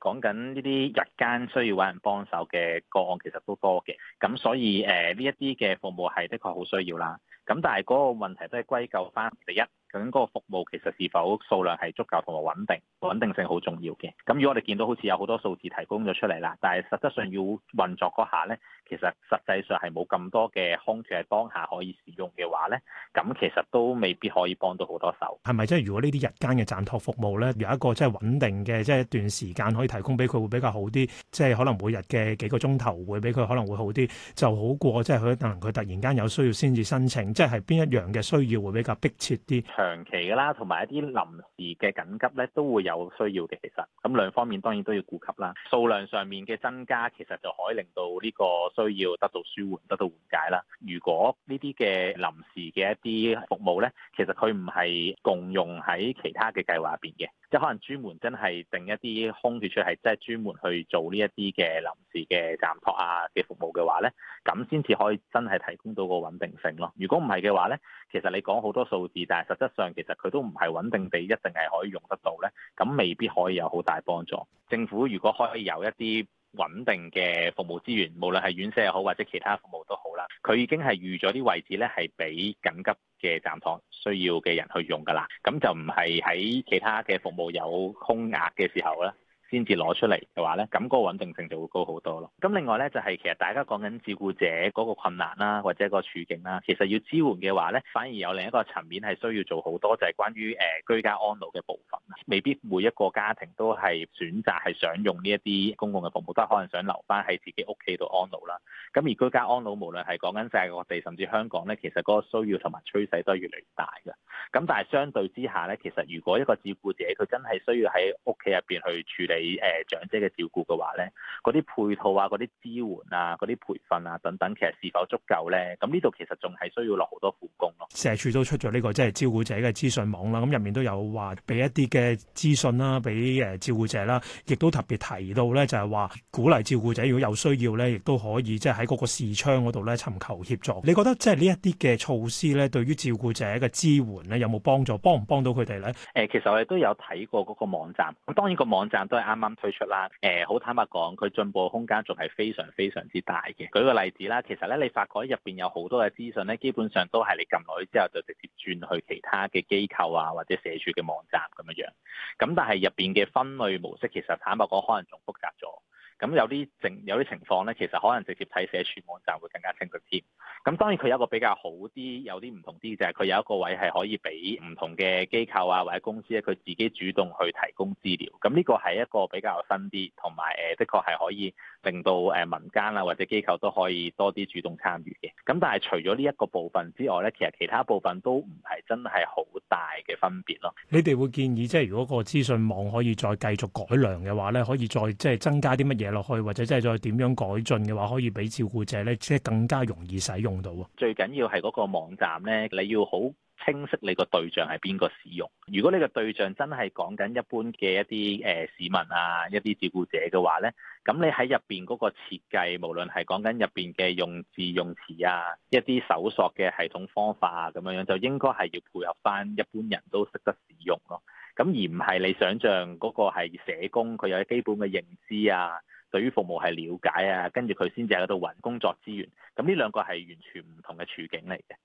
講緊呢啲日間需要揾人幫手嘅個案，其實都多嘅。咁所以誒呢一啲嘅服務係的確好需要啦。咁但係嗰個問題都係歸咎翻，第一。咁嗰個服務其實是否數量係足夠同埋穩定？穩定性好重要嘅。咁如果我哋見到好似有好多數字提供咗出嚟啦，但係實質上要運作嗰下咧，其實實際上係冇咁多嘅空缺喺當下可以使用嘅話咧，咁其實都未必可以幫到好多手。係咪即係如果呢啲日間嘅暫託服務咧，有一個即係穩定嘅，即係一段時間可以提供俾佢會比較好啲？即係可能每日嘅幾個鐘頭會俾佢可能會好啲，就好過即係佢可能佢突然間有需要先至申請。即係係邊一樣嘅需要會比較迫切啲？長期嘅啦，同埋一啲臨時嘅緊急呢，都會有需要嘅。其實咁兩方面當然都要顧及啦。數量上面嘅增加，其實就可以令到呢個需要得到舒緩，得到緩解啦。如果呢啲嘅臨時嘅一啲服務呢，其實佢唔係共用喺其他嘅計劃入邊嘅，即係可能專門真係定一啲空缺出嚟，係即係專門去做呢一啲嘅臨時嘅暫託啊嘅服務嘅話呢，咁先至可以真係提供到個穩定性咯。如果唔係嘅話呢，其實你講好多數字，但係實質上其實佢都唔係穩定地一定係可以用得到呢，咁未必可以有好大幫助。政府如果可以有一啲。穩定嘅服務資源，無論係院舍又好或者其他服務都好啦，佢已經係預咗啲位置咧，係俾緊急嘅暫託需要嘅人去用㗎啦，咁就唔係喺其他嘅服務有空額嘅時候啦，先至攞出嚟嘅話咧，咁個穩定性就會高好多咯。咁另外咧，就係其實大家講緊照顧者嗰個困難啦，或者個處境啦，其實要支援嘅話咧，反而有另一個層面係需要做好多，就係關於誒居家安老嘅部分，未必每一個家庭都係選擇係想用呢一啲公共嘅服務，都可能想留翻喺自己屋企度安老啦。咁而居家安老，無論係講緊世界各地，甚至香港咧，其實嗰個需要同埋趨勢都係越嚟越大嘅。咁但係相對之下咧，其實如果一個照顧者佢真係需要喺屋企入邊去處理。俾誒長者嘅照顧嘅話咧，嗰啲配套啊、嗰啲支援啊、嗰啲培訓啊等等，其實是否足夠咧？咁呢度其實仲係需要落好多苦功咯。社署都出咗呢、這個即係、就是、照顧者嘅資訊網啦，咁入面都有話俾一啲嘅資訊啦，俾誒照顧者啦，亦都特別提到咧，就係話鼓勵照顧者如果有需要咧，亦都可以即係喺嗰個視窗嗰度咧尋求協助。你覺得即係呢一啲嘅措施咧，對於照顧者嘅支援咧，有冇幫助？幫唔幫到佢哋咧？誒，其實我哋都有睇過嗰個網站，咁當然個網站都係。啱啱推出啦，誒、呃，好坦白講，佢進步空間仲係非常非常之大嘅。舉個例子啦，其實咧你發覺入邊有好多嘅資訊咧，基本上都係你撳落去之後就直接轉去其他嘅機構啊，或者社署嘅網站咁樣樣，咁但係入邊嘅分類模式其實坦白講可能仲複雜咗。咁有啲情有啲情況咧，其實可能直接睇社署網站會更加清楚啲。咁當然佢有一個比較好啲，有啲唔同啲就係佢有一個位係可以俾唔同嘅機構啊或者公司咧，佢自己主動去提供資料。咁呢個係一個比較新啲，同埋誒，的確係可以令到誒民間啊或者機構都可以多啲主動參與嘅。咁但係除咗呢一個部分之外咧，其實其他部分都唔係真係好大嘅分別咯。你哋會建議即係如果個資訊網可以再繼續改良嘅話咧，可以再即係增加啲乜嘢？落去或者真係再點樣改進嘅話，可以俾照顧者咧，即係更加容易使用到啊。最緊要係嗰個網站咧，你要好清晰你個對象係邊個使用。如果你個對象真係講緊一般嘅一啲誒、呃、市民啊，一啲照顧者嘅話咧，咁你喺入邊嗰個設計，無論係講緊入邊嘅用字用詞啊，一啲搜索嘅系統方法啊，咁樣樣就應該係要配合返一般人都識得使用咯、啊。咁而唔係你想象嗰個係社工，佢有基本嘅認知啊。對於服務係了解啊，跟住佢先至喺度揾工作資源，咁呢兩個係完全唔同嘅處境嚟嘅。